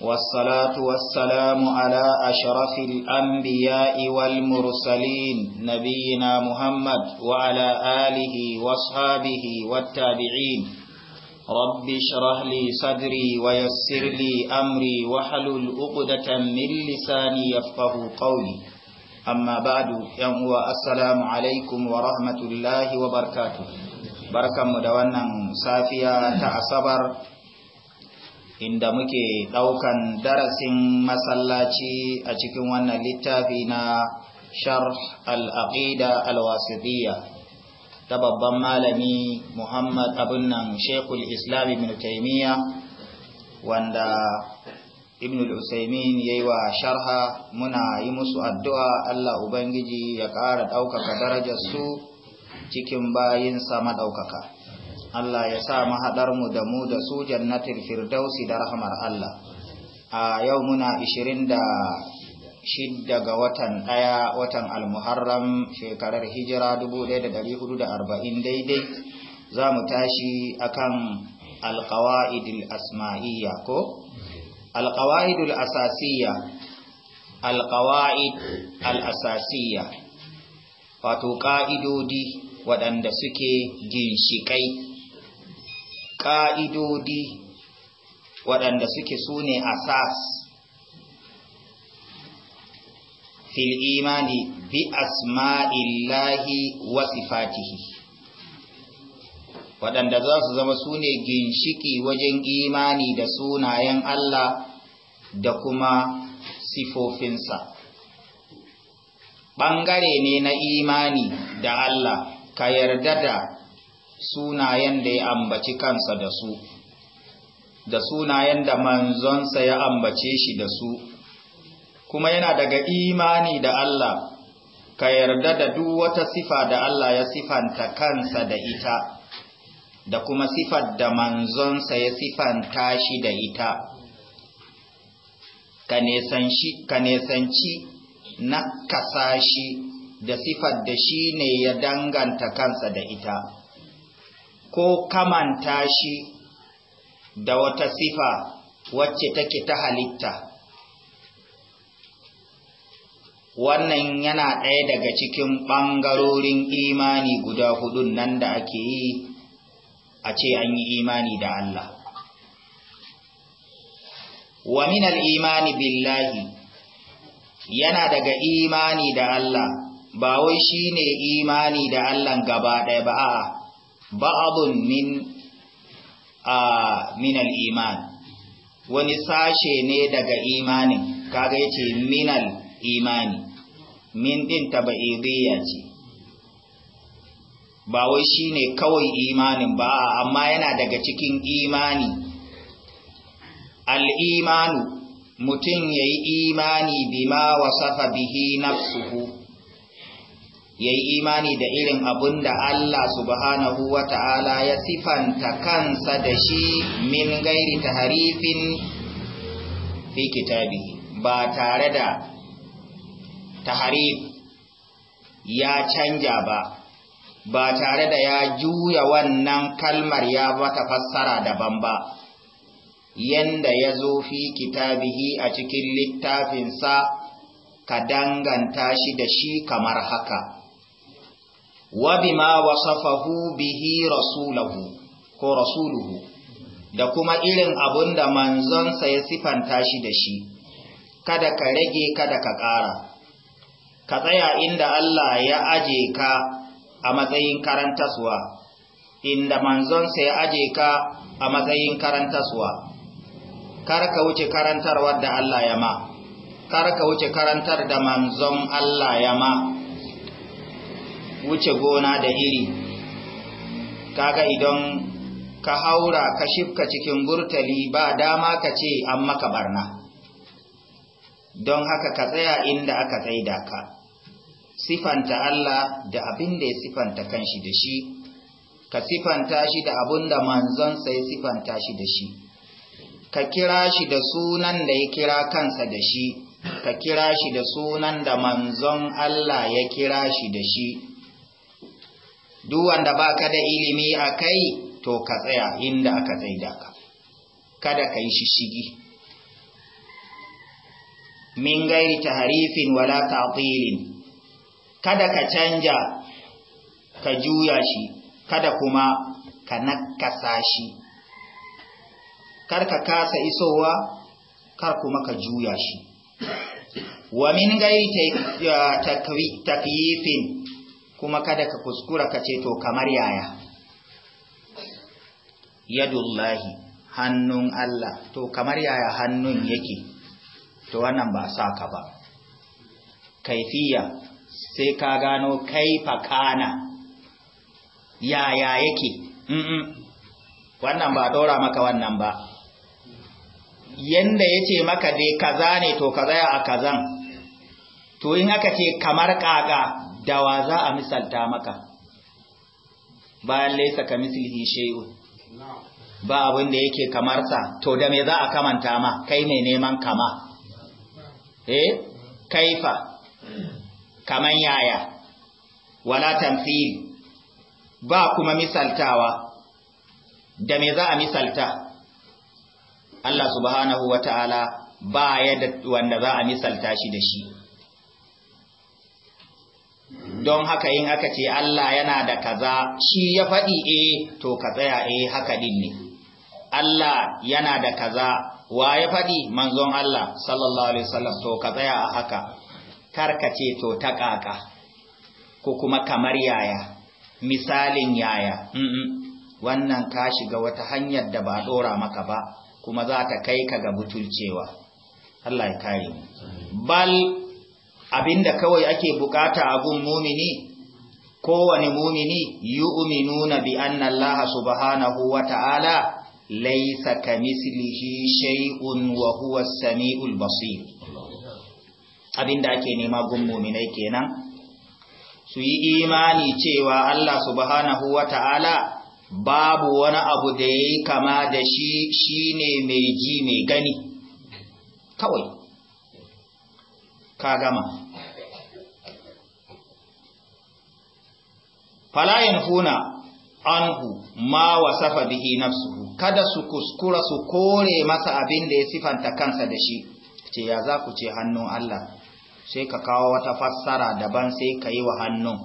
والصلاة والسلام على أشرف الأنبياء والمرسلين نبينا محمد وعلى آله واصحابه والتابعين رب اشرح لي صدري ويسر لي أمري وحلل الأقدة من لساني يفقه قولي أما بعد يوم السلام عليكم ورحمة الله وبركاته بركة مدونا سافية تعصبر inda muke ɗaukan darasin masallaci a cikin wannan littafi na sharh al-aqida al-wasitiyya ta babban malami Muhammad abin nan Sheikhul Islam Ibn Taymiyyah wanda Ibn al-Usaymin yayi wa sharha muna yi musu addu'a Allah ubangiji ya ƙara ɗaukaka darajar su cikin bayinsa madaukaka Allah ya sa mahaɗar mu da mu da su jannatin firdausi da rahmar Allah a yau muna 26 ga watan ɗaya watan almuharram shekarar hijira 1440 daidai za mu tashi akan alƙawa'idul asma'iyya ko alƙawa'idul asasiyya alkawa'id al'asasiyya wato ƙa'idodi waɗanda suke ginshiƙai ƙa'idodi waɗanda suke sune ne asas fil imani bi asma'illahi wa Fatihi, waɗanda za su zama sune ne ginshiki wajen imani da sunayen Allah da kuma sifofinsa ɓangare ne na imani da Allah ka yarda da sunayen da ya ambaci kansa da su da sunayen da manzonsa ya ambace shi da su kuma yana daga imani da Allah ka yarda da duk wata sifa da Allah ya sifanta kansa da ita da kuma sifar da manzonsa ya sifanta shi da ita ka nesanci na kasashi da sifar da shi ne ya danganta kansa da ita ko kamanta shi da wata sifa wacce take ta halitta wannan yana ɗaya daga cikin ɓangarorin imani guda hudun nan da ake yi a ce an yi imani da Allah wa minal imani billahi yana daga imani da Allah ba wai shine imani da Allah gaba ɗaya ba a'a ba'adun min a minal iman wani sashe ne daga imanin kaga yace minal imani min din tabaidiyya ce ba wai shine kawai imanin ba amma yana daga cikin imani al-imanu mutum yayi imani bima wasafa bihi nafsuhu Yayi imani da irin abun da Allah subhanahu wa ta'ala ya sifanta kansa da shi min gairi ta harifin fi kitabi ba tare da taharif ya canja ba ba tare da ya juya wannan kalmar ya bata fassara daban ba yanda ya zo fi kitabihi a cikin littafinsa ka danganta shi da shi kamar haka wa bima wasafahu bihi rasulahu ko rasuluhu da kuma irin abun da manzonsa ya sifanta shi da shi kada ka rage kada ka ƙara ka tsaya inda Allah ya aje ka a matsayin karantaswa inda manzonsa ya aje ka a matsayin karantaswa kar ka wuce karantarwa da Allah ya ma kar ka wuce karantar da manzon Allah ya ma wuce gona da iri kaga idan ka haura ka shifka cikin burtali ba dama ka ce an maka barna don haka ka tsaya inda aka tsaida ka sifanta Allah da abin da ya sifanta kanshi da shi ka sifanta shi da abin da manzonsa ya sifanta shi da shi ka kira shi da sunan da ya kira kansa da shi ka kira shi da sunan da manzon Allah ya kira shi da shi duk wanda baka da ilimi akai, to ka tsaya inda aka tsaida ka kada ka yi shishigi min gairi taharifin wala ta'tilin kada ka canja ka juya shi kada kuma ka nakasa shi kar ka kasa isowa kar kuma ka juya shi wa min gairi takyifin kuma kada ka kuskura ka ce to kamar yaya yadullahi hannun Allah to kamar yaya hannun yake to wannan ba sa ka ba kaifiya sai ka gano kaifa kana yaya yake mm -mm. wannan ba ɗora maka wannan ba yanda yace maka dai kaza ne to kaza ya a kazan to in aka ce kamar kaga da wa za a misalta maka bayan laisa ka mislihi shay'un ba abin da yake kamar sa to da me za a kamanta ma kai mai neman kama eh kaifa kaman yaya wala tamthil ba kuma misaltawa da me za a misalta Allah subhanahu wa ta'ala ba ya da wanda za a misalta shi da shi don haka in aka ce Allah yana da kaza shi ya faɗi eh to ka tsaya eh haka din ne Allah yana da kaza wa ya faɗi manzon Allah sallallahu alaihi wasallam to ka tsaya a haka karkace to ta kaka ko kuma kamar yaya misalin yaya mm -mm. wannan ka shiga wata hanyar da ba dora maka ba kuma za ta kai ka ga butulcewa Allah ya kare bal abinda kawai ake bukata abun mumini kowane mumini yu'minu bi anna Allah subhanahu wa ta'ala laysa kamislihi shay'un wa huwa as-sami'ul basir abinda ake nema gun muminai kenan su yi imani cewa Allah subhanahu wa ta'ala babu wani abu da yayi kama da shi shine mai ji mai gani kawai ka gama falayin huna anhu ma wasafa bihi nafsuhu kada su kuskura su kore masa abin da ya sifanta kansa da shi ce ya za ku ce hannun Allah sai ka kawo wata fassara daban sai ka yi wa hannun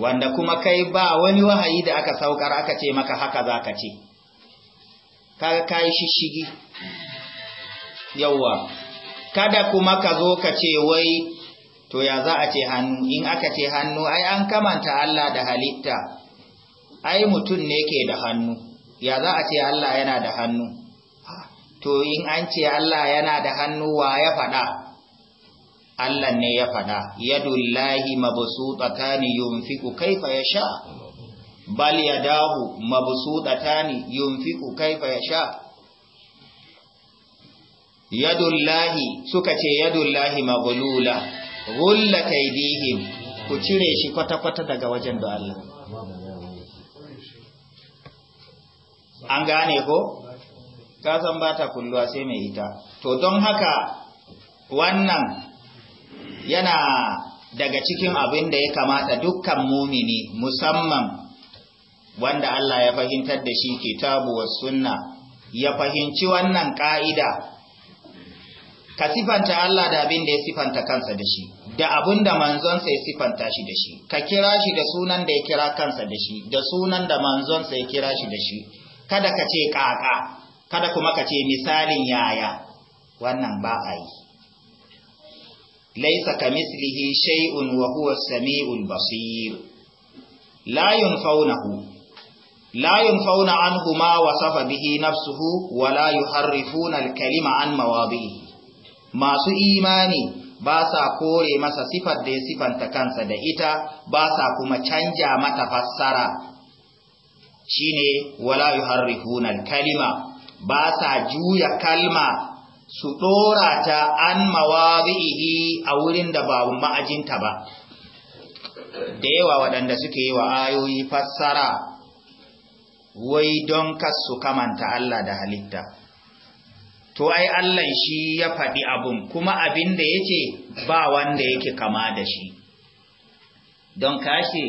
wanda kuma kai ba wani wahayi da aka saukar aka ce maka haka za ka ce ka yi shishigi yawwa kada kuma ka zo ka ce wai to ya za a ce hannu in aka ce hannu ai an kamanta Allah da halitta ai mutum ne ke da hannu ya za a ce Allah yana da hannu to in an ce Allah yana da hannu wa ya faɗa Allah ne ya faɗa yadullahi mabsutatani yunfiku kaifa yasha bal yadahu mabsutatani yunfiku kaifa yasha yadullahi suka ce yadullahi maghlula yi aydihim ku cire shi kwata-kwata daga wajen da Allah an gane ko ka san bata kulluwa sai mai ita to don haka wannan yana daga cikin abin da ya kamata dukkan mumini musamman wanda Allah ya fahimtar da shi kitabu was sunna ya fahimci wannan ka'ida ka sifanta Allah da abin da ya sifanta kansa da shi da abin da manzonsa ya sifanta shi da shi ka kira shi da sunan da ya kira kansa da shi da sunan da manzonsa ya kira shi da shi kada ka ce 'ƙaƙa, kada kuma ka ce misalin yaya wannan ba a yi laisa ka mislihi shay'un wa huwa samiul basir la yunfaunahu لا wa safa bihi nafsuhu wa نفسه ولا يحرفون kalima an مواضعه masu imani ba sa kore masa sifar da ya sifanta kansa da ita ba sa kuma canja mata fassara shine wala yuharrifuna kalima ba sa juya kalma su ɗora ta an mawazi'ihi a wurin da ba ma'ajinta ba da yawa waɗanda suke yi wa ayoyi fassara wai don kasu kamanta Allah da halitta to ai Allah shi ya faɗi abun kuma abin da yake ba wanda yake kama da shi don kashe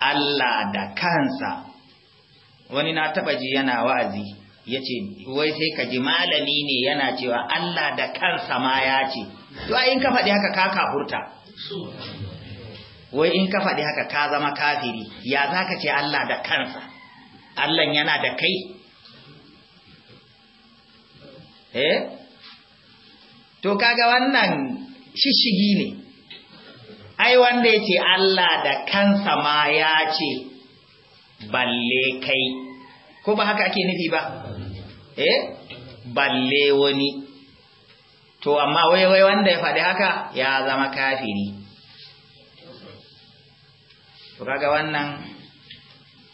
Allah da kansa wani na taɓa ji yana wa'azi ya ce wai sai ka ji malami ne yana cewa Allah da kansa ma ya ce to ai in ka faɗi haka ka kafurta wai in ka faɗi haka ka zama kafiri ya zaka ce Allah da kansa Allah yana da kai eh to kaga wannan shishigi ne ai wanda yace Allah da kansa ma ya ce balle kai ko ba haka ake nufi ba eh balle wani to amma wai wai wanda ya faɗi haka ya zama kafiri to kaga wannan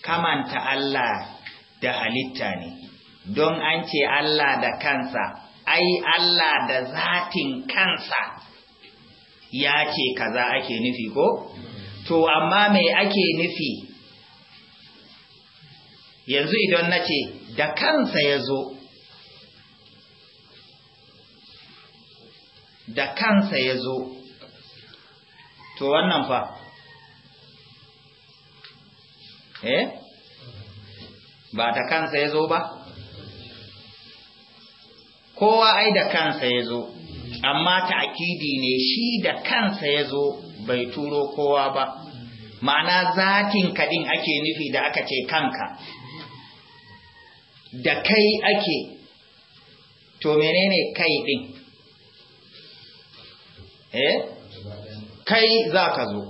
kamanta Allah da halitta ne don an ce Allah da kansa ai Allah da zatin kansa ya ce kaza ake nufi ko to amma mai ake nufi yanzu idan na ce da kansa ya zo da kansa ya zo to wannan fa eh ba da kansa ya zo ba kowa ai da kansa ya zo amma ta'kidi ne shi da kansa ya zo bai turo kowa ba ma'ana zatin kadin ake nufi da aka ce kanka da kai ake to menene kai din eh kai za ka zo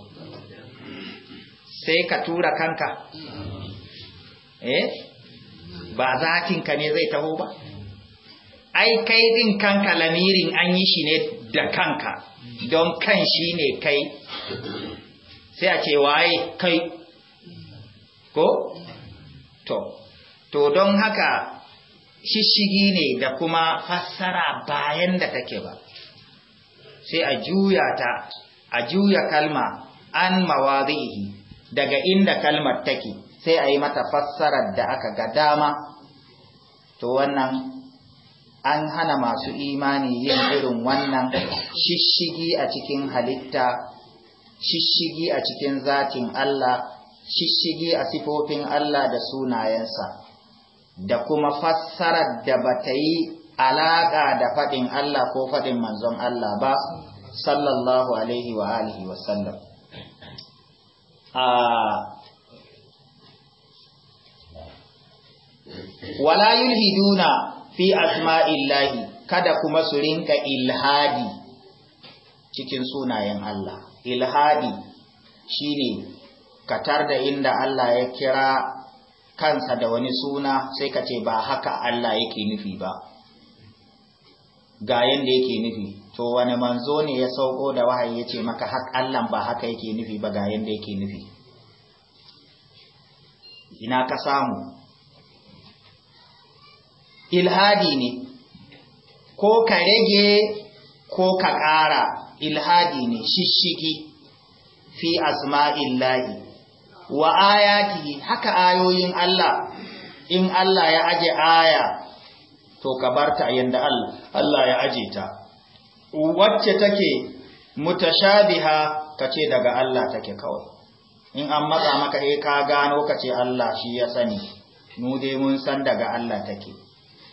sai ka tura kanka eh ba zatinka ne zai taho ba ai kai din kanka lamirin an yi shi ne da kanka don kan shi ne kai sai a ce waye kai ko to to don haka shishigi ne da kuma fassara bayan da take ba sai a juya ta a juya kalma an mawazihi daga inda kalmar take sai a yi mata fassarar da aka ga dama to wannan an hana masu imani yin irin wannan shishigi a cikin halitta shishigi a cikin zatin Allah shishigi a sifofin Allah da sunayensa da kuma fassarar da bata yi alaƙa da faɗin Allah ko faɗin manzon Allah ba sallallahu alaihi wa alihi wa sallam wala yulhiduna fi asma'illahi kada kuma su rinka ilhadi cikin sunayen Allah ilhadi shine katar da inda Allah ya kira kansa da wani suna sai ka ce ba haka Allah yake nufi ba ga yanda yake nufi to wani manzo ne ya sauko da wahayi yace maka hak Allah ba haka yake nufi ba ga yanda yake nufi ina ka samu ilhadi ne ko ka rage ko ka ƙara ilhadi ne shishigi fi asma'illahi wa ayati haka ayoyin Allah in Allah ya aje aya to ka barta yanda Allah Allah ya aje ta wacce take mutashabiha kace daga Allah take kawai in an matsa maka eh ka gano kace Allah shi ya sani mu dai mun san daga Allah take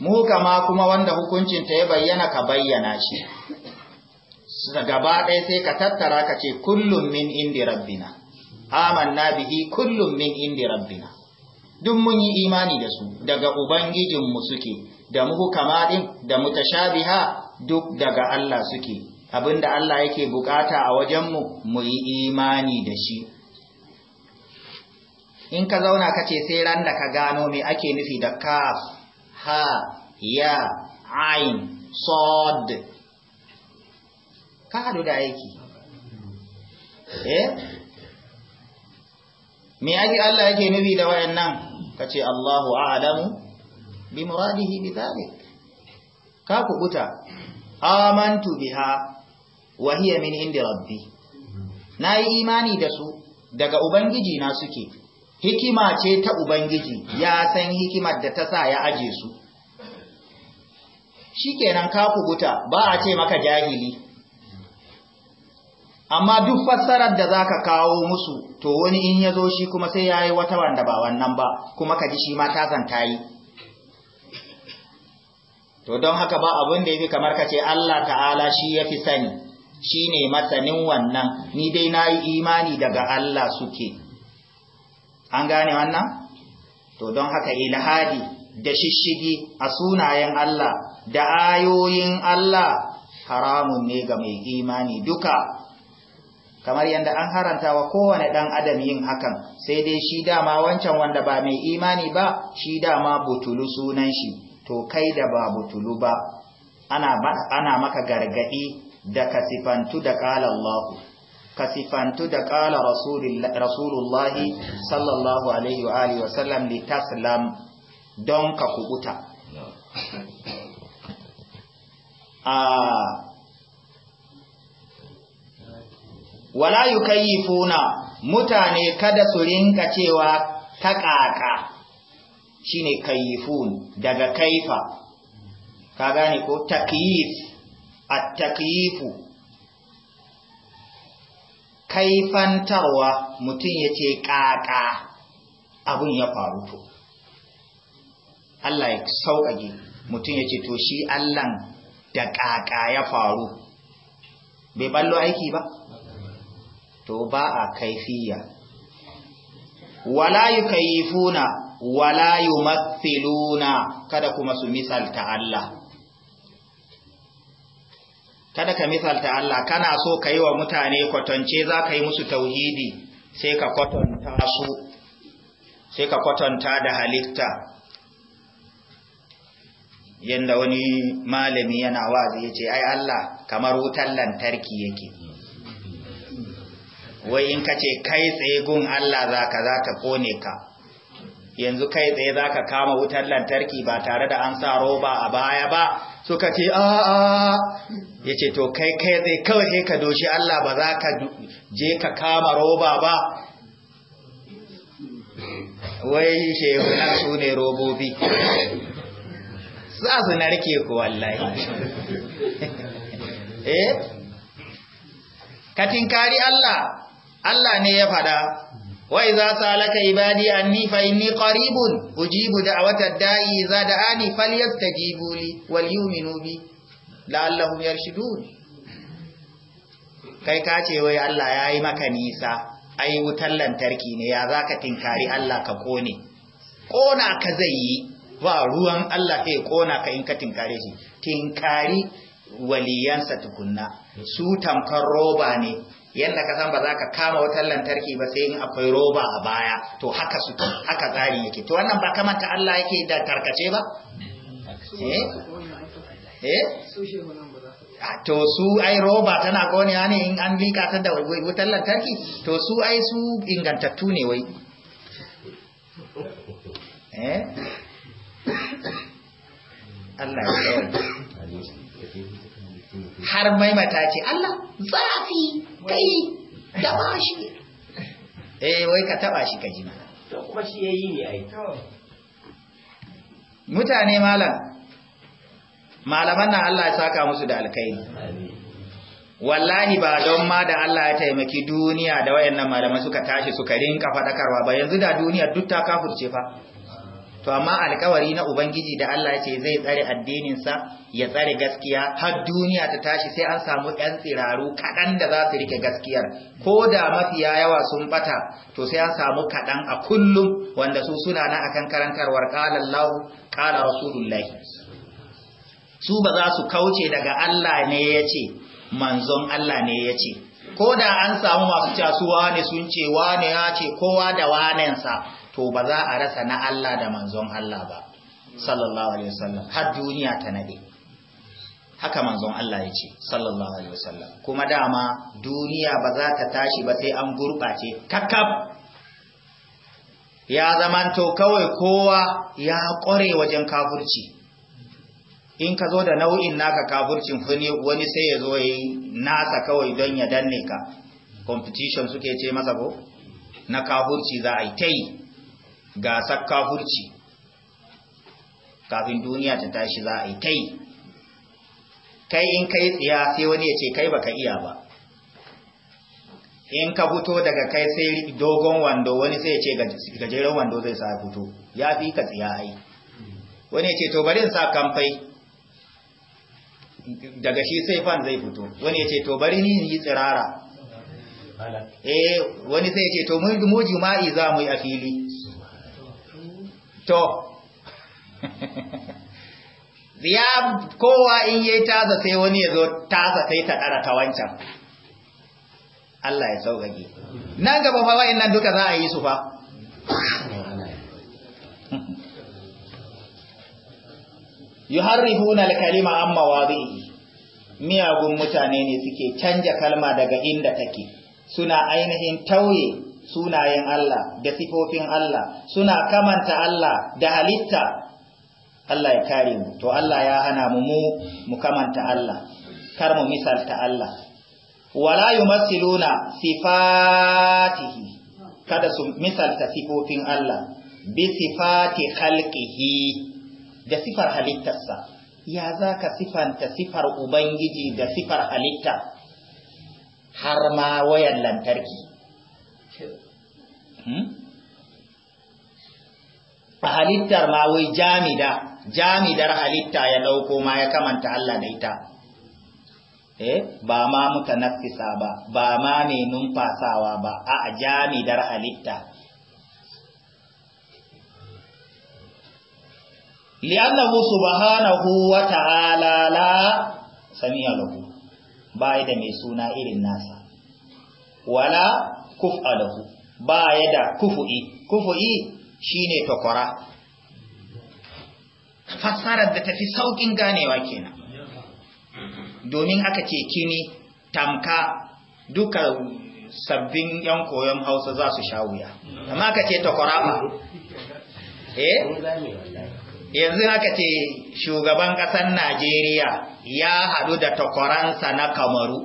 kama kuma wanda hukuncin ta ya bayyana ka bayyana shi gaba ɗaya sai ka tattara ka ce kullum min indi rabbina amanna bihi kullum min indi rabbina duk mun yi imani da su daga ubangijinmu suke da kama din da mu mutashabiha duk daga Allah suke abinda Allah yake bukata a wajenmu mu yi imani da shi in ka zauna ka ce sai ran da ka gano me ake nufi da kaf ha ya ain sod ka hadu da aiki eh me aji Allah yake nufi da wayannan kace Allahu a'lamu bi muradihi bi dhalik ka kubuta amantu biha wa hiya min indi rabbi nayi imani da su daga ubangiji na suke hikima ce ta ubangiji ya san hikimar da ta sa ya aje su shikenan kenan kubuta ba a ce maka jahili amma duk fassarar da za ka kawo musu to wani in ya zo shi kuma sai ya yi wata wanda ba wannan ba kuma ka ji shi ma ta zanta yi to don haka ba abin da ya fi kamar ka ce Allah ta'ala shi ya fi sani shi ne masanin wannan ni dai na yi imani daga Allah suke an gane wannan to don haka ilhadi da shishigi a sunayen Allah da ayoyin Allah haramun ne ga mai imani duka kamar yadda an haranta wa kowane ɗan adam yin hakan sai dai shi dama wancan wanda ba mai imani ba shi dama butulu sunan shi to kai da ba butulu ba ana, maka gargadi da ka sifantu da ƙala Allahu Kasifantu da ƙala rasulullahi sallallahu alaihi wa alihi wasallam taslam don ka kubuta ah, wala funa, mutane kada su rinka cewa ta ƙaƙa shine kayyifun daga kaifa ka gane ko takyif at-takyifu kaifantarwa mutum ya ce ƙaƙa abin ya faru to Allah ya sauƙaƙe mutum ya ce to shi Allahn da ƙaƙa ya faru bai ballo aiki ba to ba a kaifiya wala walayu wala matsiluna kada kuma su misalta Allah kada ka misalta Allah kana so ka yi wa mutane kwatance za ka yi musu tauhidi sai ka kwatanta su sai ka kwatanta da halitta yadda wani malami yana wazi ya ce ai Allah kamar wutar lantarki yake wai in ka ce kai tsegun Allah za ka za ta kone ka yanzu kai tsaye za ka kama wutar lantarki ba tare da an sa roba a baya ba suka ce a'a ya ce to kai kai tsaye kawai sai ka doshi Allah ba za ka je ka kama roba ba wai shehunan su ne robobi za su narke ku wallahi eh katin kari Allah Allah ne ya fada wa idza salaka ibadi anni fa inni qaribun ujibu da'watad da'i idza da'ani falyastajibu li wal yu'minu bi la'allahum yarshudun kai ka ce wai Allah yayi maka nisa ai wutar lantarki ne ya zaka tinkari Allah ka kone kona ka zai yi ba ruwan Allah sai kona ka in ka tinkare shi tinkari waliyansa tukunna su tamkar roba ne yadda ka san ba za ka kama wutar lantarki ba sai in akwai roba a baya to haka su haka tsari yake to wannan ba kamanta Allah yake da tarkace ba eh eh to su ai roba tana gonewa ne in an lika ta da wutar lantarki to su ai su ingantattu ne wai eh Allah ya har mai ce Allah zafi kai da ba shi eh wai ka taba shi ka ji mana to kuma shi yayi ne ai mutane malam malaman nan Allah ya saka musu da alkhairi wallahi ba don ma da Allah ya taimaki duniya da wayannan malaman suka tashi suka rinka fadakarwa ba yanzu da duniya duk ta kafurce fa to amma alkawari na ubangiji da Allah ya ce zai tsare addininsa ya tsare gaskiya har duniya ta tashi sai an samu ɗan tsiraru kaɗan da za su rike gaskiyar ko da mafiya yawa sun bata to sai an samu kaɗan a kullum wanda su suna na akan karantarwar ƙalallahu ƙala Rasulullahi su ba za su kauce daga Allah ne ya ce manzon Allah ne ya ce ko da an samu masu casuwa ne sun ce wane ya ce kowa da wanensa to ba za a rasa na Allah da manzon Allah ba sallallahu alaihi wasallam har duniya ta nade haka manzon Allah ya ce sallallahu alaihi wasallam kuma dama duniya ba za ta tashi ba sai an gurbace kakkab ya zamanto kawai kowa ya kware wajen kafurci in ka zo da nau'in naka kafurcin wani sai ya zo yi nasa kawai don ya danne ka competition suke ce masa ko na kafurci za a yi ta yi gasar kafurci kafin duniya ta tashi za a yi kai kai in kai tsiya sai wani ya ce kai baka iya ba in ka fito daga kai sai dogon wando wani sai ya ce gajeren wando zai sa fito ya fi ka tsiya ai wani ya ce to bari in sa kamfai daga shi sai fan zai fito wani ya ce to bari ni yi tsirara eh wani sai ya ce to mu jima'i za mu yi a fili to ya kowa in yayi taza sai wani yazo zo taza sai ta ɗara ta wancan Allah ya saukake nan gaba fa wa'annan duka za a yi su fa yuharrifuna alkalima amma wadihi miyagun mutane ne suke canja kalma daga inda take suna ainihin tauye sunayen Allah da sifofin Allah suna kamanta Allah da halitta Allah ya kare mu to Allah ya hana mu mu kamanta Allah kar mu misalta Allah wala yumassiluna sifatihi kada su misalta sifofin Allah bi sifati khalqihi da sifar halittarsa ya zaka sifanta sifar ubangiji da sifar halitta har ma wayan lantarki a hmm? halittar ma wai jamida jamidar halitta ya ɗauko ma ya kamanta Allah da ita eh ba ma muka nafisa ba ba ma mai numfasawa ba a jamidar halitta li'annahu subhanahu wa ta'ala la sami'a lahu bai da mai suna irin nasa wala kuf'alahu ba ya da kufu'i kufu'i shine takwara fassarar da tafi saukin ganewa kenan domin aka ce kini tamka duka sabbin yan koyon hausa za su sha wuya amma aka ce takwara ba eh? yanzu aka ce shugaban ƙasar najeriya ya haɗu da takwaransa na kamaru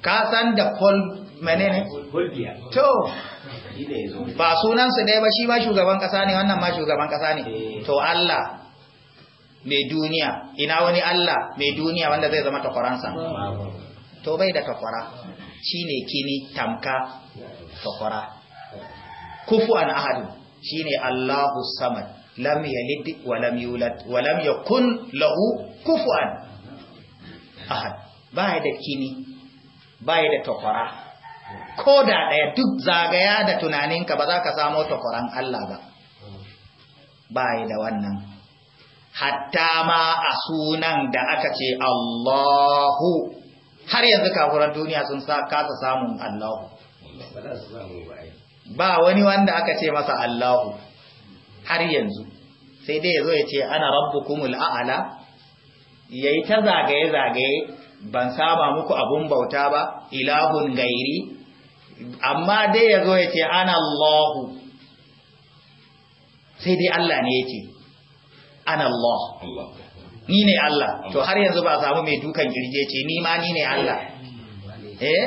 ka san da menene to ba sunansu ɗaya ba shi ba shugaban ƙasa ne wannan ma shugaban ƙasa ne eh. to Allah mai duniya ina wani Allah mai duniya wanda zai zama takwaransa to bai da takwara shi ne kini tamka takwara kufu an ahadu shi ne Allahu samad lam yalid wa lam yulad wa lam yakun lahu kufuwan ahad baya da kini ya da takwara ko da ɗaya duk zagaya da tunaninka ba za ka samo takwaran Allah ba yi da wannan hatta ma a sunan da aka ce Allahu har yanzu kafuran duniya sun kasa samun Allahu ba wani wanda aka ce masa Allahu har yanzu sai dai yazo ya ce ana rabbukumul ya yi ta zagaye zagaye ban saba muku abun bauta ba ilahun gairi amma dai ya zo ya ce ana Allahu sai dai Allah ne ya ce ana Allah ni ne Allah to har yanzu ba samu mai dukan girje ce ni ma ni ne Allah eh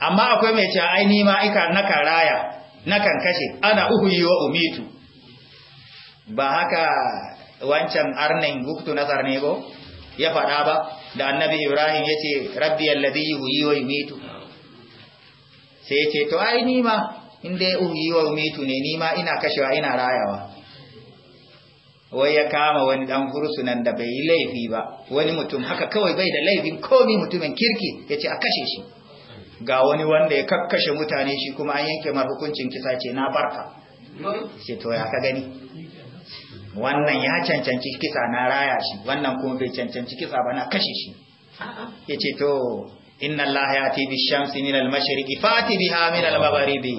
amma akwai mai cewa ai ni ma ika na karaya na kan kashe ana uhuyi wa umitu ba haka wancan arnin guktu nazar ne ko ya faɗa ba da annabi ibrahim ya ce rabbi alladhi yuhyi wa yumitu sai ce to ai ni ma inda ya uhi wa umitu ne ni ma ina kashewa ina rayawa wai ya kama wani dan fursunan da bai yi laifi ba wani mutum haka kawai bai da laifin komi mutumin kirki ya ce a kashe shi ga wani wanda ya kakkashe mutane shi kuma an yanke mar hukuncin kisa ce na barka ce to ya ka gani wannan ya cancanci kisa na raya shi wannan kuma bai cancanci kisa ba na kashe shi ya ce to inna allaha yati bi shamsi min al mashriqi fati biha min al maghribi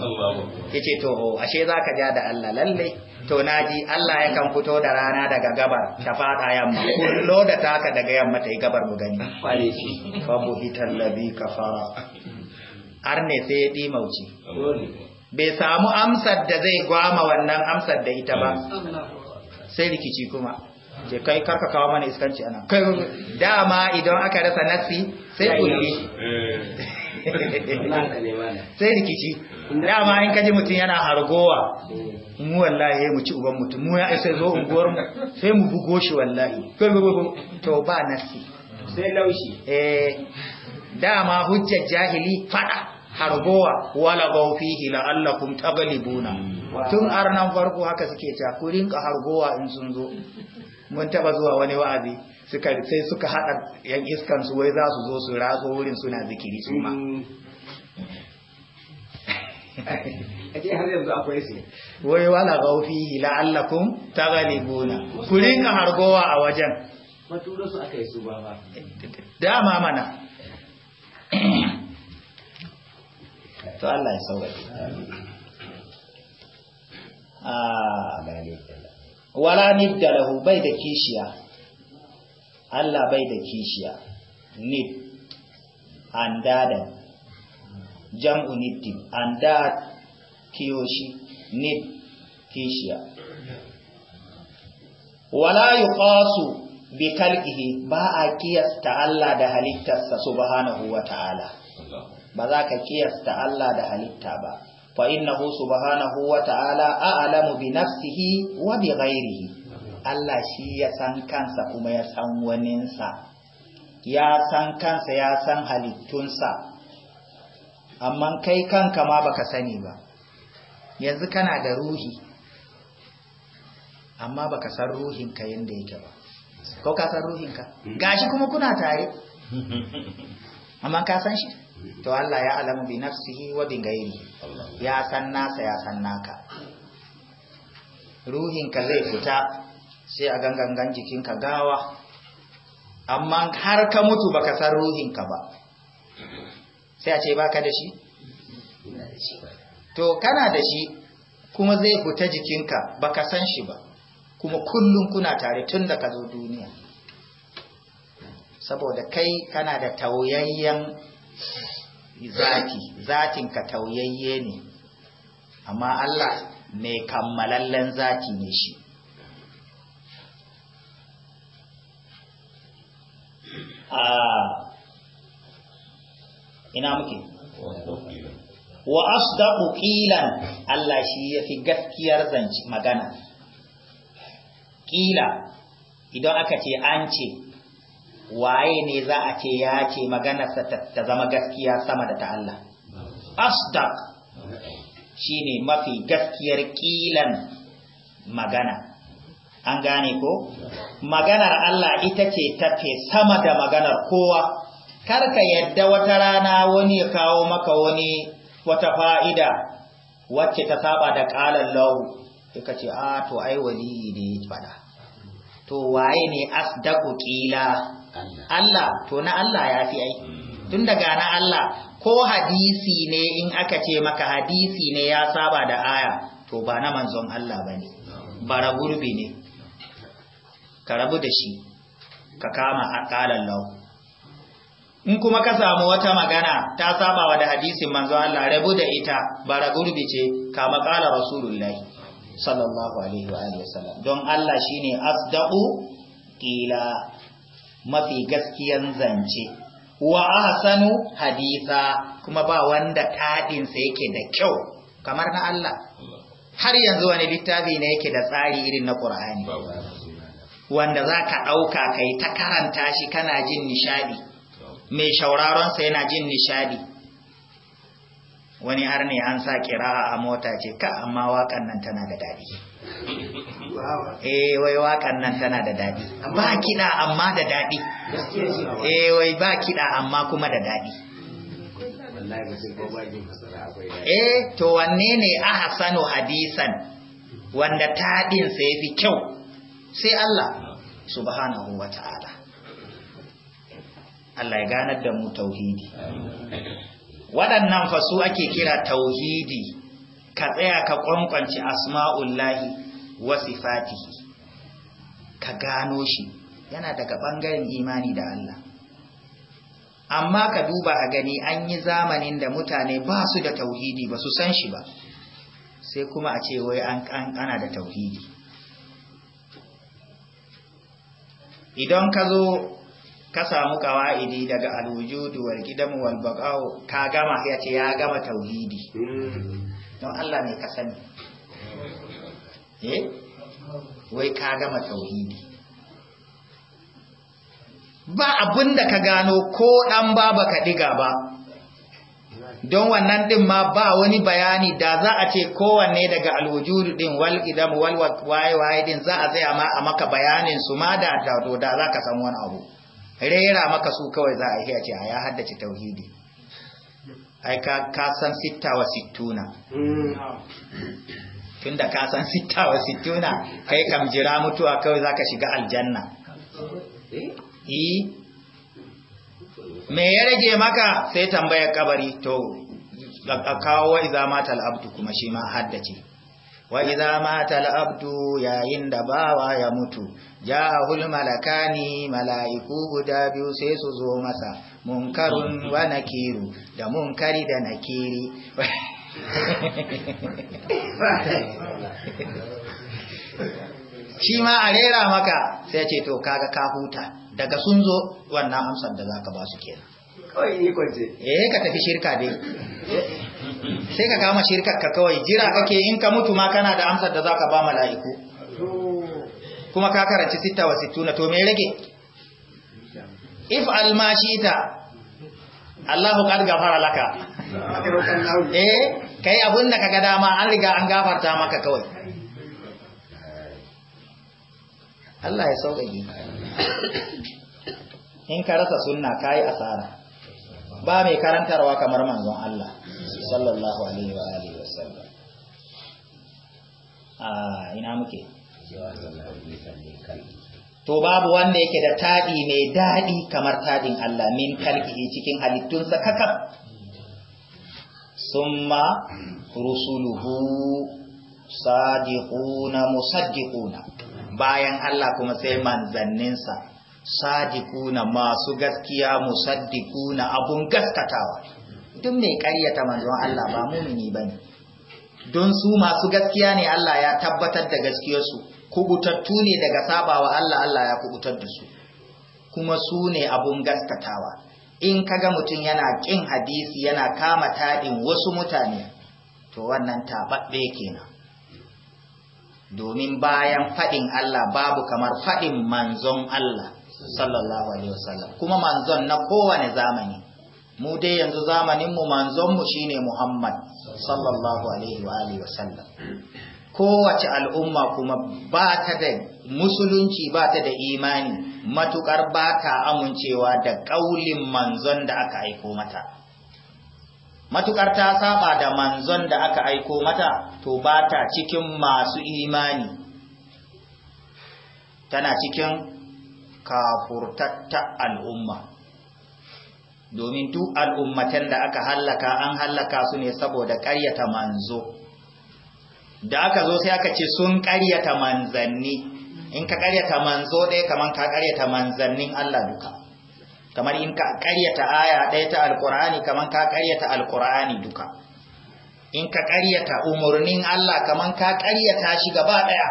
yace to oh, ashe zaka ja da Allah lalle to naji Allah ya kan fito da rana daga gabar ta fada yamma kullo da taka daga yamma ta yi gabar mu gani babu hital ladhi kafara arne sai ya mauci bai samu amsar da zai gwama wannan amsar da ita ba sai rikici kuma ce kai karka kawo mana iskanci ana kai dama idan aka rasa nasi sai kulli sai rikici dama in kaji mutum yana hargowa mu wallahi mu ci uban mutum mu ya isa zo unguwar mu sai mu bugo shi wallahi to ba nasi sai laushi eh dama hujjar jahili fada hargowa wala gaufihi la'allakum tagalibuna hmm. tun arnan farko haka suke ta ku rinka hargowa in sun zo mun taba zuwa wani wa'azi suka sai suka hada yan iskan su wai za su zo su raso wurin suna zikiri su ma mm. aje har yanzu akwai su wai wala gaufi la'allakum taghlibuna ku rinka hargowa a wajen maturo su akai su ba ba dama mana to Allah ya a ah wala nidda lahu bai da kishiya Allah bai da kishiya nid andada jam'u niddi andad kiyoshi nid kishiya wala yuqasu bi kalqihi ba a kiyasta Allah da halittarsa subhanahu wa ta'ala ba za ka kiyasta Allah da halitta ba fa innahu subhanahu wa ta'ala a'lamu bi nafsihi wa bi ghairihi Allah shi ya san kansa kuma ya san waninsa ya san kansa ya san halittunsa amma kai kanka ma baka sani ba yanzu kana da ruhi amma baka san ruhinka yanda yake ba ko ka san ruhinka hmm. gashi kuma kuna tare amma ka san shi to Allah ya alamu bi nafsihi wa bi gairi ya san nasa ya san naka ruhinka zai fita sai a gangan jikinka gawa amma har ka mutu baka san ruhinka ba sai a ce baka da shi to kana da shi kuma zai fita jikinka baka san shi ba kuma kullum kuna tare tun da ka zo duniya saboda kai kana da tauyayyen zati zatin ka tauyayye ne amma Allah mai kammalallen zati ne shi ina muke wa asdaqu qilan Allah shi yafi gaskiyar zance magana qila idan aka ce an ce waye ne za a ce ya ce maganarsa ta zama gaskiya sama da ta Allah asdaq shine mafi gaskiyar kilan magana an gane ko maganar Allah ita ce tafe sama da maganar kowa ka yadda wata rana wani ya kawo maka wani wata fa'ida wacce ta saba da ƙalar lau kika ce a ah, to ai wali ne fada to waye ne asdaqu ƙila Allah to na Allah ya fi ai hmm. tun daga na Allah ko hadisi ne in aka ce maka hadisi ne ya saba da aya to ba na manzon Allah bane hmm. bara gurbi ne ka rabu da shi ka kama aqalan lahu in kuma ka samu wata magana ta sabawa da hadisin manzo Allah rabu da ita bara gurbi ce kama kala rasulullahi sallallahu alaihi wa alihi wasallam don Allah shine asdaqu qila mafi gaskiyan zance wa ahsanu haditha kuma ba wanda taɗinsa yake da kyau kamar na Allah har yanzu wani littafi ne yake da tsari irin na Qur'ani wanda zaka dauka kai ta karanta shi kana jin nishadi mai shauraron sa yana jin nishadi wani har ne an sa kira'a a mota ce ka amma wakan nan tana da dadi eh wai wakan nan tana da dadi ba kida amma da dadi eh wai ba kida amma kuma da dadi eh to wanne ne ahsanu hadisan wanda tadin sa yafi kyau sai Allah subhanahu wataala Allah ya ganar da mu tauhidi waɗannan fasu ake kira tauhidi ka tsaya ka kwankwanci asma'ullahi wa ka gano shi yana daga ɓangaren imani da Allah amma ka duba a gani an yi zamanin da mutane ba su da tauhidi ba su san shi ba sai kuma a ce wai an ƙanƙana da tauhidi idan ka zo ka samu kawa'idi daga alwujudu wal gidamu wal baqa'u ka gama ya ce ya gama tauhidi mm. don Allah ne ka sani Eh? wai ka gama tauhidi ba abin da ka gano ko ɗan ba ka ɗiga ba don wannan ɗin ma ba wani bayani da za a ce kowanne daga alwujudu ɗin wal idam wal waye waye ɗin za a tsaya ma a maka bayanin su ma da tato da za ka san wani abu rera maka su kawai za a iya ce a ya haddace tauhidi ai ka san sitta wa sittuna mm. tunda ka san sitta wa kai kam jira mutuwa kawai zaka shiga aljanna eh? eh me ya rage maka sai tambayar kabari to kawo wa iza mata kuma shi ma haddace wa idza mata abdu yayin da bawa ya mutu ja'ahul malakani mala'iku guda biyu sai su zo masa munkarun wa nakiru da munkari da nakiri shi ma a rera maka sai ce to kaga ka huta daga sun zo wannan amsar da zaka ba su ke kawai ni kwanci eh ka tafi shirka dai sai ka kama shirkar ka kawai jira kake in ka mutu ma kana da amsar da zaka ba mala'iku kuma ka karanci sitta wa sittuna to me rage if almashita Allahu qad gafara laka eh kai abin da kaga dama an riga an gafarta maka kawai Allah ya sauƙaƙe in ka rasa sunna kai asara ba mai karantarwa kamar manzon Allah sallallahu alaihi wa alihi wasallam a ah, ina muke to babu wanda yake da taɗi mai daɗi kamar taɗin Allah min kalki cikin halittunsa kakaf summa rusuluhu sadiquna musaddiquna bayan Allah kuma sai manzanninsa sadiquna masu gaskiya musaddiquna abun gaskatawa duk mai ƙaryata manzon Allah ba mumini bane don su masu gaskiya ne Allah ya tabbatar da gaskiyarsu kubutattu ne daga sabawa Allah Allah ya kubutar da su kuma su ne abun gaskatawa in kaga mutum yana kin hadisi yana kama taɗin wasu mutane to wannan taɓaɓɓe kenan domin bayan faɗin Allah babu kamar faɗin manzon Allah sallallahu alaihi wasallam kuma manzon na kowane zamani mu dai yanzu zamaninmu manzonmu shine Muhammad sallallahu alaihi wa alihi kowace al'umma kuma ba ta da musulunci ba ta da imani matukar ba ta amincewa da ƙaulin manzon da aka aiko mata matukar ta saba da manzon da aka aiko mata to ba ta cikin masu imani tana cikin kafurtatta al'umma domin duk al'ummatan da aka hallaka an hallaka su ne saboda ƙaryata manzo da aka zo sai aka ce sun ƙaryata manzanni in ka ƙaryata manzo ɗaya kamar ka ƙaryata manzannin Allah duka kamar in ka ƙaryata aya ɗaya ta alƙur'ani kamar ka ƙaryata alƙur'ani duka in ka ƙaryata umarnin Allah kamar ka ƙaryata shi gaba ɗaya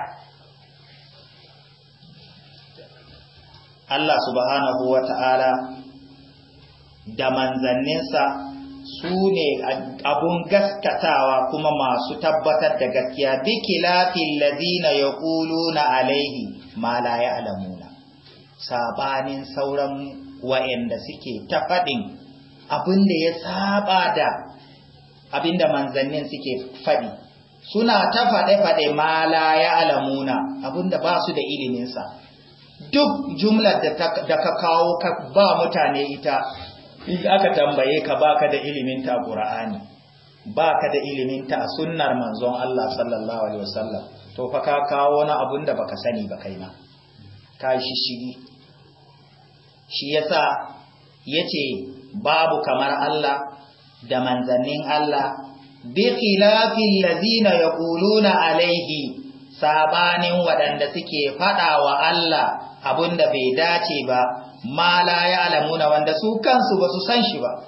Allah subhanahu wa ta'ala da manzanninsa su ne abun gaskatawa kuma masu tabbatar da gaskiya biki lafin lazina ya na alaihi ma la ya alamuna sabanin sauran wa'anda suke ta faɗin abin ya saba da abin da manzannin suke faɗi suna ta faɗe-faɗe ma la ya alamuna abin da ba su da iliminsa duk jumlar da ka kawo ba mutane ita in aka tambaye ka baka da ilimin ta qur'ani baka da ilimin ta sunnar manzon Allah sallallahu alaihi wasallam to fa ka kawo wani abun da baka sani ba kai ma ka shi shi shi yasa yace babu kamar Allah da manzanin Allah bi khilafil ladina yaquluna alaihi sabanin waɗanda suke faɗawa wa Allah abinda bai dace ba ma la ya'lamuna wanda su kansu ba su san shi ba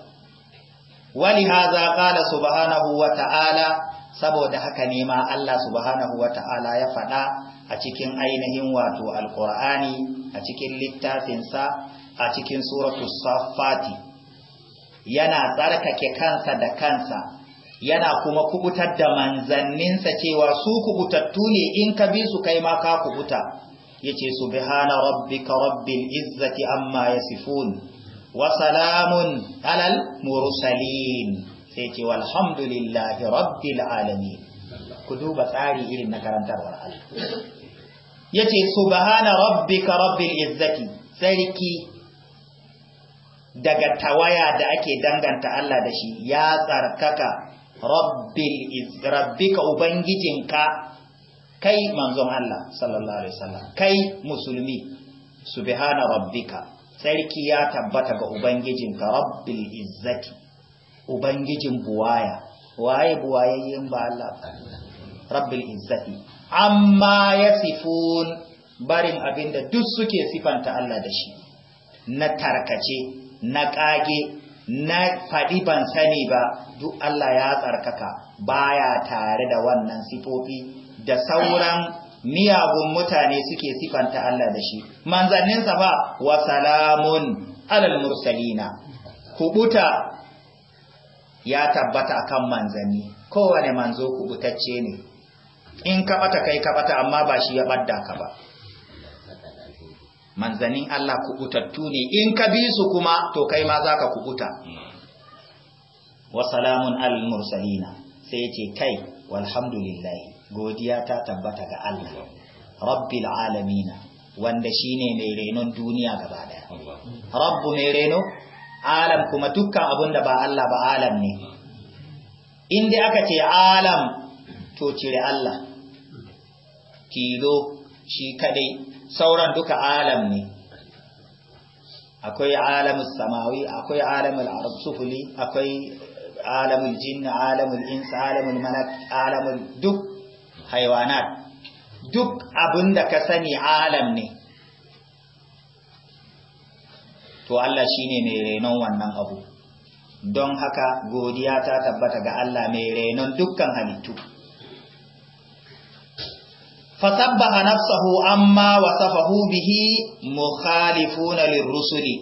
wani haza qala subhanahu wa ta'ala saboda haka ne ma Allah subhanahu wa ta'ala ya faɗa a cikin ainihin wato alqur'ani a cikin littafinsa a cikin suratul saffati yana tsarkake kansa da kansa yana kuma kubutar da manzanninsa cewa su kubutattu ne in ka bi su kai ma ka kubuta yace subhana rabbika rabbil izzati amma yasifun wa salamun alal mursalin sai ce walhamdulillahi rabbil alamin ku duba tsari irin na karantarwar Allah yace subhana rabbika rabbil izzati sarki daga tawaya da ake danganta Allah da shi ya tsarkaka rabbil rabbika ubangijinka kai manzon Allah sallallahu alaihi wasallam kai musulmi subhana rabbika sarki ya tabbata ga Ubangijin ubangijinka rabbil izzati ubangijin buwaya waye buwayayyen ba Allah rabbil izzati amma yasifun barin abinda duk suke sifanta Allah da shi na tarkace na kage na faɗi ban sani ba duk Allah ya tsarkaka baya tare da wannan sifofi da sauran miyagun mutane suke sifanta Allah da shi manzanninsa ba wa salamun alal mursalina kubuta ya tabbata akan manzanni kowane manzo kubutacce ne in ka kai ka amma ba shi ya badda ka ba manzannin Allah kubutattu ne in ka bi su kuma to kai ma zaka kubuta wa salamun alal mursalina sai ce kai walhamdulillah godiya ta tabbata ga Allah rabbil alamina wanda shine mai renon duniya gaba daya rabbu mai reno alam kuma dukkan abunda ba Allah ba alam ne inda aka ce alam to cire Allah kilo shi kadai sauran duka alam ne akwai alamus samawi akwai alamul arab sufuli akwai alamul jinna alamul ins alamul malak alamul duk haiwanat duk abin da ka sani alam ne to Allah shine mai renon wannan abu don haka godiya ta tabbata ga Allah mai renon dukkan halittu fasabbaha nafsahu amma wasafahu bihi mukhalifuna lirrusuli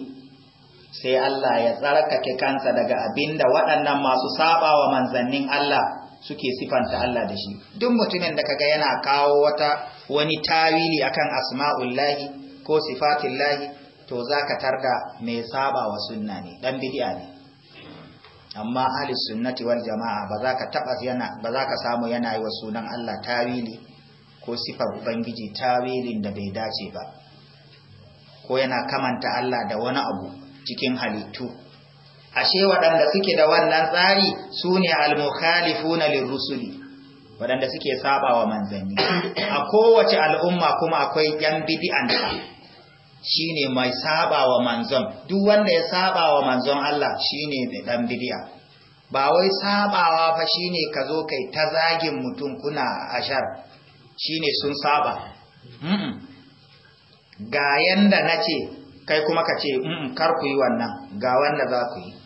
sai Allah ya tsarkake kansa daga abinda waɗannan masu sabawa manzannin Allah suke sifanta Allah da shi duk mutumin da kaga yana kawo wata wani tawili akan asma'ullahi ko sifatillahi to zaka tarda mai saba wa sunna ne dan bid'a ne amma ahli sunnati wal jama'a ba za ka taba yana ba za samu yana yi wa sunan Allah tawili ko sifar ubangiji tawilin da bai dace ba ko yana kamanta Allah da wani abu cikin halittu ashe waɗanda suke da wannan tsari su ne na lirrusuli waɗanda suke saba wa manzanni a kowace al'umma kuma akwai yan bid'anta shine mai saba manzon duk wanda ya saba wa manzon Allah shine dan bid'a ba wai sabawa fa shine ka zo kai ta zagin mutum kuna ashar shine sun saba mm -mm. ga yanda nace kai kuma ka ce kar ku yi wannan ga wanda za ku yi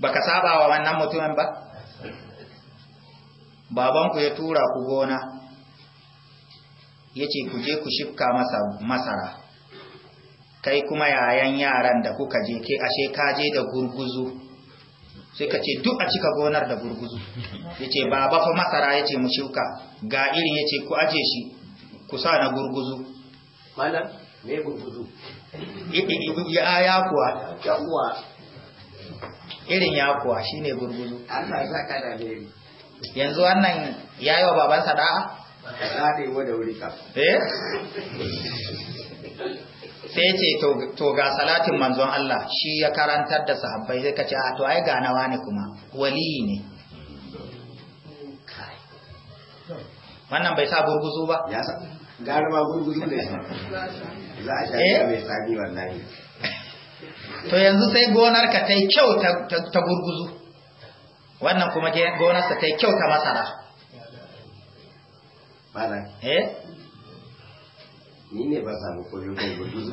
baka saba wa wannan mutumin ba babanku ya tura ku gona ya ce ku je ku shifka masa masara kai kuma yayan yaran da kuka je ke ashe ka je da gurguzu sai ka ce duk a cika gonar da gurguzu ya ce baba fa masara ya ce mu shuka? ga irin ya ce ku aje shi ku sa na gurguzu malam me gurguzu ya kuwa irin ya kuwa shi ne gurguzu yanzu wannan ya yi wa baban sada'a? sada'a da wuri ka eh? sai ce to ga salatin manzon Allah shi ya karantar da sahabbai sai kace a to ai ga nawa ne kuma wali ne wannan bai sa gurguzu ba ya sa gari ba gurguzu da ya sa za a sha bai eh? sabi wallahi to yanzu sai gonarka ta yi kyau ta gurguzu wannan kuma gonarsa ta yi kyau ta masara Bala. Eh? Ni ne ba samu koyo ta gurguzu.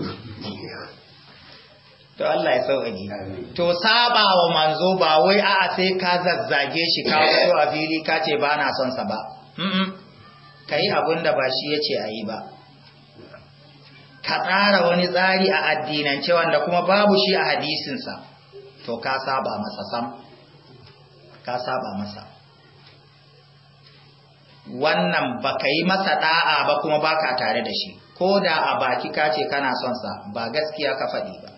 To Allah ya sauƙaƙi. To saba wa manzo ba wai a'a sai ka zazzage shi ka so a fili ka ce ba na son sa ba. Mm Ka yi abin ba shi ya ce a yi ba. ka tsara wani tsari a addinance wanda kuma babu shi a hadisinsa to ka saba masa sam ka saba masa wannan baka yi masa ɗa'a ba kuma baka tare da shi ko da a baki ka ce kana son sa ba gaskiya ka faɗi ba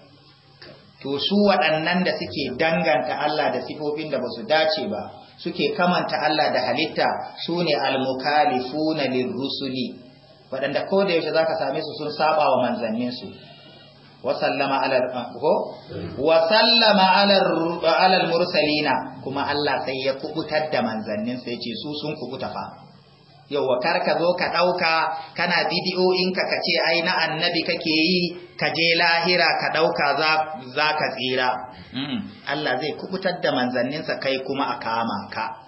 to su waɗannan da suke danganta Allah da sifofin da basu dace ba suke kamanta Allah da halitta sune ne al-mukhalifuna lirrusuli waɗanda ko da yaushe zaka ka same su sun saba wa manzannin sallama ah, wasallama alal mursalina kuma Allah sai ya kubutar da manzannin ya ce su sun kubuta fa yau kar ka zo ka ɗauka kana bidiyo in ka ce ai na annabi kake yi ka je lahira ka ɗauka za ka tsira Allah zai kubutar da manzanninsa kai kuma a kama ka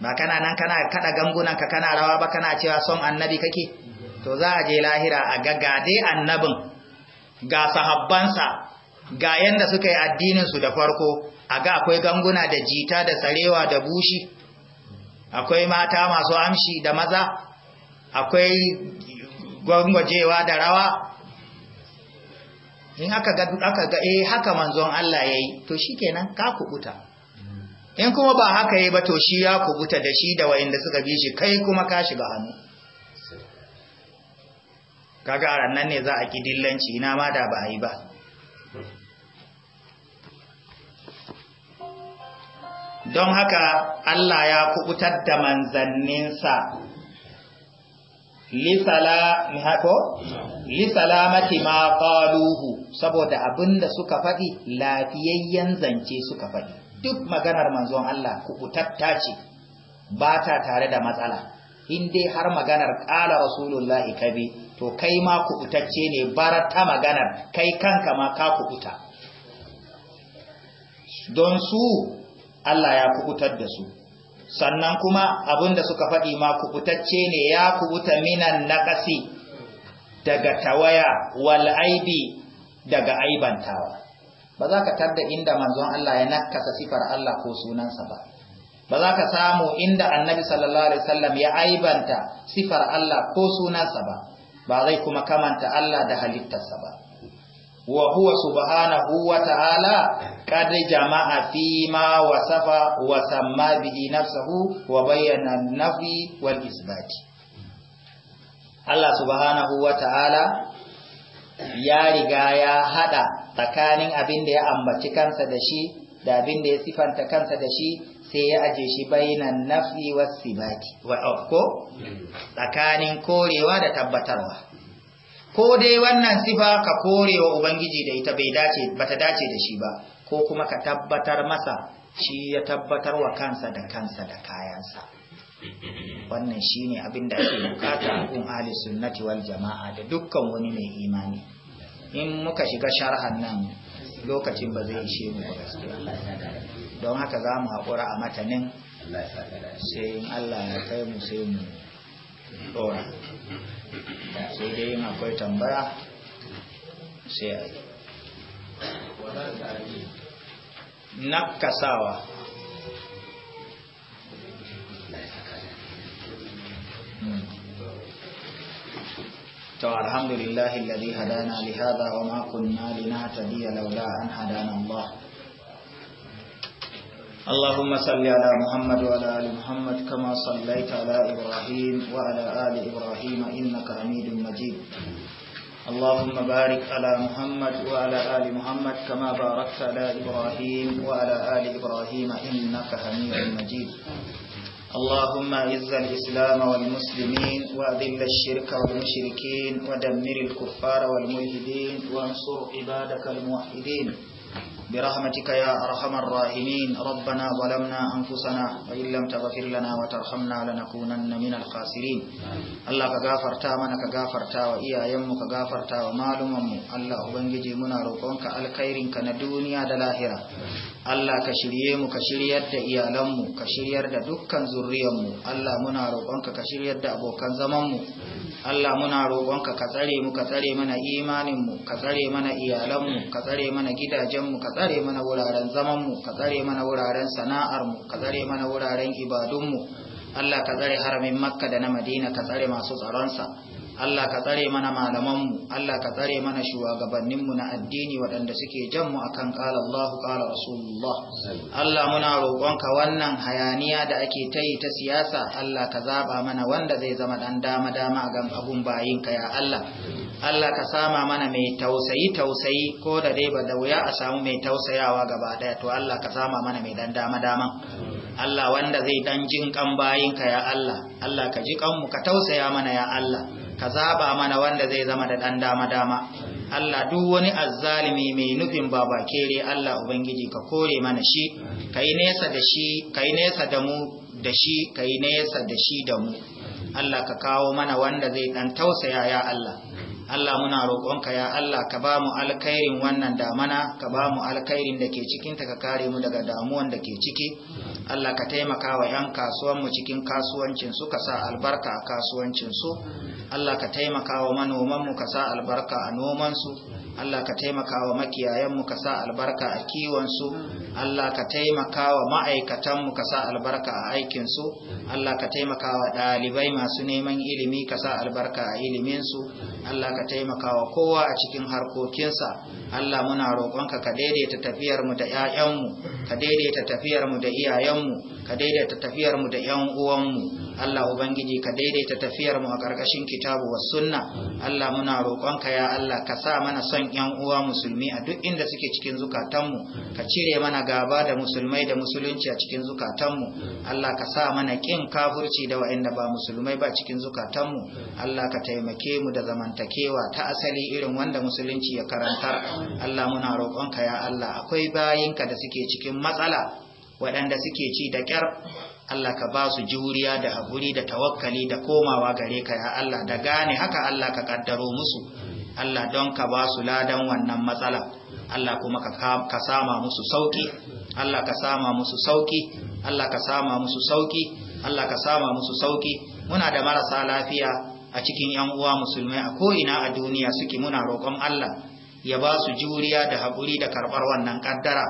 ba kana nan kana kada gangunan ka kana rawa ba kana cewa son annabi kake to za a je lahira a ga dai annabin ga sahabbansa ga yanda suka yi addinin su da farko a ga akwai ganguna da jita da sarewa da bushi akwai mata masu amshi da maza akwai gwangwajewa da rawa in aka ga ga eh haka manzon Allah yayi to shikenan ka kubuta in kuma ba haka yi ba to shi ya kubuta da shi da wayanda suka bi shi kai kuma ka shiga hannu kaga a nan ne za a ki dillanci ina ma da ba a yi ba don haka Allah ya kubutar da manzanninsa lisalamati ma ƙaluhu saboda abinda suka faɗi lafiyayyen zance suka faɗi duk maganar manzon Allah kubutatta ce ba ta tare da matsala in dai har maganar ƙala rasulullahi kabi to kai ma kubutacce ne barata ta maganar kai kanka ma ka kubuta don su Allah ya kubutar da su sannan kuma abinda suka faɗi ma kubutacce ne ya kubuta minan naƙasi daga tawaya wal aibi daga aibantawa ba za ka tarda inda manzon Allah ya nakasa sifar Allah ko sunansa ba ba za ka samu inda annabi sallallahu alaihi wasallam ya aibanta sifar Allah ko sunansa ba ba zai kuma kamanta Allah da halittarsa ba wa huwa subhanahu wa ta'ala qad jama'a fi ma wasafa wa samma bihi nafsuhu wa bayyana an-nafi wal isbati Allah subhanahu wa ta'ala ya riga ya hada tsakanin abin da ya ambaci kansa da shi da abin da ya sifanta kansa da shi sai ya aje shi bainan nafi wasibati oh, ko tsakanin korewa da tabbatarwa ko dai wannan sifa ka korewa ubangiji da ita bai dace bata dace da shi ba ko kuma ka tabbatar masa shi ya tabbatar wa kansa da kansa da kayansa wannan shine abin da ake bukata a kun ahli sunnati wal jama'a da dukkan wani mai imani in muka shiga sharhan nan lokacin ba zai ishe mu ba, don haka za mu haƙura a matanin sai in Allah ya kai mu sai mu ɗora sai dai yin akwai tambara sai a yi nakasawa تو الحمد لله الذي هدانا لهذا وما كنا لنهتدي لولا أن هدانا الله اللهم صل على محمد وعلى آل محمد كما صليت على إبراهيم وعلى آل إبراهيم إنك حميد مجيد اللهم بارك على محمد وعلى آل محمد كما باركت على إبراهيم وعلى آل إبراهيم إنك حميد مجيد اللهم اعز الإسلام والمسلمين وأذل الشرك والمشركين ودمر الكفار والملحدين وانصر عبادك الموحدين برحمتك يا أرحم الراحمين ربنا ظلمنا أنفسنا وإن لم تغفر لنا وترحمنا لنكونن من الخاسرين الله كغافرتا من كغافرتا وإيا يم كغافرتا ومعلوم الله أبنجي منا روكونك الخير كان دنيا دلاهرة Allah ka shirye mu ka shiryar da iyalanmu ka shiryar da dukkan zurriyanmu Allah muna roƙonka ka shiryar da abokan zamanmu Allah muna roƙonka ka tsare mu ka tsare mana imaninmu ka tsare mana iyalanmu ka tsare mana gidajenmu ka tsare mana wuraren zamanmu ka tsare mana wuraren sana'armu ka tsare mana wuraren ibadunmu Allah ka tsare haramin makka da na madina ka tsare masu tsaronsa Allah ka tsare mana malamanmu Allah ka tsare mana shugabanninmu na addini waɗanda suke jan mu akan qala Allah qala Rasulullah Allah muna roƙonka wannan hayaniya da ake ta ta siyasa Allah ka zaba mana wanda zai zama dan dama dama gan abun ka, ya Allah Allah ka sama mana mai tausayi tausayi ko da dai ba da wuya a samu mai tausayawa gaba daya to Allah ka sama mana mai dan dama dama Allah wanda zai dan jin kan ka, ya Allah Allah ka ji kanmu ka tausaya mana ya Allah ka zaba mana wanda zai zama da ɗan dama-dama Allah duk wani azzalimi mai nufin baba kere Allah Ubangiji ka kore mana shi ka yi nesa da shi ka yi nesa da mu da shi ka yi nesa da shi da mu Allah ka kawo mana wanda zai ɗan tausaya ya Allah Allah muna roƙonka ya Allah ka ba mu alkhairin wannan damana ka ba mu alkhairin da ke cikinta ka kare mu daga damuwan da ke ciki Allah ka taimaka wa 'yan kasuwanmu cikin kasuwancinsu ka sa albarka a kasuwancinsu Allah ka taimaka wa manomanmu ka sa albarka a nomansu Allah ka taimaka wa makiyayenmu ka sa albarka a kiwonsu Allah ka taimaka wa ma'aikatanmu ka sa albarka a aikinsu Allah ka taimaka wa ɗalibai masu neman ilimi ka sa albarka a iliminsu Allah ka taimakawa kowa a cikin harkokinsa Allah muna roƙonka ka daidaita tafiyarmu da ƴaƴanmu ka daidaita tafiyarmu da iyayenmu ka daidaita tafiyarmu da ƴan uwanmu Allah ubangiji ka daidaita tafiyar mu a karkashin kitabu was sunna Allah muna roƙonka ya Allah ka sa mana son yan uwa musulmi a duk inda suke cikin zukatanmu ka cire mana gaba da musulmai da musulunci a cikin zukatanmu Allah ka sa mana kin kafirci da waɗanda ba musulmai ba cikin zukatanmu Allah ka taimake mu da zamantakewa ta asali irin wanda musulunci ya karantar Allah muna roƙonka ya Allah akwai bayinka da suke cikin matsala waɗanda suke ci da ƙyar Allah ka ba su juriya da haƙuri da tawakkali da komawa gare ka ya Allah da gane haka Allah ka ƙaddaro musu Allah don ka ba su ladan wannan matsala Allah kuma ka sama musu sauki Allah ka sama musu sauki Allah ka sama musu sauki Allah ka sama musu sauki muna da marasa lafiya a cikin yan uwa musulmai a ko'ina a duniya suke muna roƙon Allah ya ba su juriya da haƙuri da karɓar wannan ƙaddara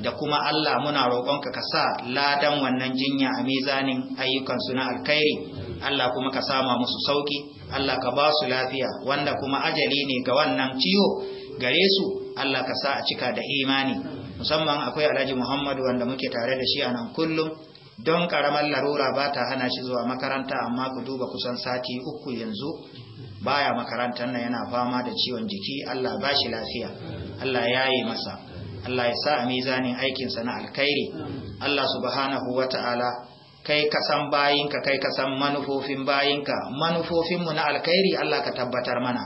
da kuma Allah muna roƙonka ka sa ladan wannan jinya a mizanin ayyukansu na alkhairi Allah kuma ka sama musu sauki Allah ka ba su lafiya wanda kuma ajali ne ga wannan ciwo gare su Allah ka sa a cika da imani musamman akwai Alhaji Muhammadu wanda muke tare da shi a nan kullum don karamar larura ba ta hana shi zuwa makaranta amma ku duba kusan sati uku yanzu baya makarantar nan yana fama da ciwon jiki Allah ba shi lafiya Allah ya yi masa Allah ya sa a mizanin aikinsa na alkhairi Allah subhanahu wa ta'ala kai kasan bayinka kai kasan manufofin bayinka manufofinmu na alkhairi Allah ka tabbatar mana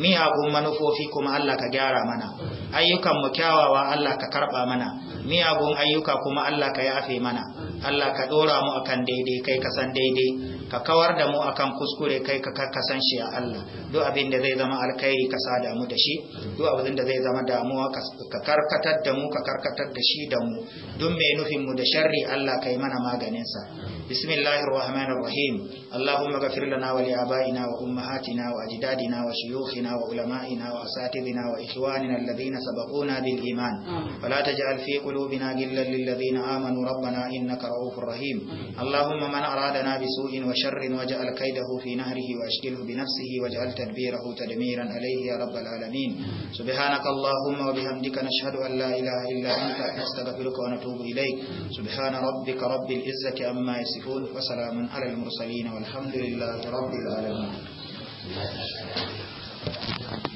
miyagun manufofi kuma Allah ka gyara mana ayyukanmu kyawawa Allah ka karba mana miyagun ayyuka kuma Allah ka yafe mana Allah ka dora mu akan daidai kai kasan daidai ka kawar da mu akan kuskure kai ka kasan shi a Allah duk abin da zai zama alkhairi ka sa damu da shi duk abin da zai zama damuwa ka karkatar da mu ka karkatar da shi da mu duk mai nufin mu da sharri Allah kai mana maganin sa bismillahir rahmanir rahim allahumma ghafir lana wa li abaina wa ummahatina wa ajdadina wa shuyukhina wa ulama'ina wa asatidina wa ikhwanina alladhina sabaquna bil iman wa la taj'al fi qulubina ghillan lil ladhina amanu rabbana innaka ra'ufur rahim allahumma man aradana bisu'in wa وشر وجعل كيده في نهره وأشكله بنفسه وجعل تدبيره تدميرا عليه يا رب العالمين سبحانك اللهم وبحمدك نشهد أن لا إله إلا أنت نستغفرك ونتوب إليك سبحان ربك رب العزة عما يصفون وسلام على المرسلين والحمد لله رب العالمين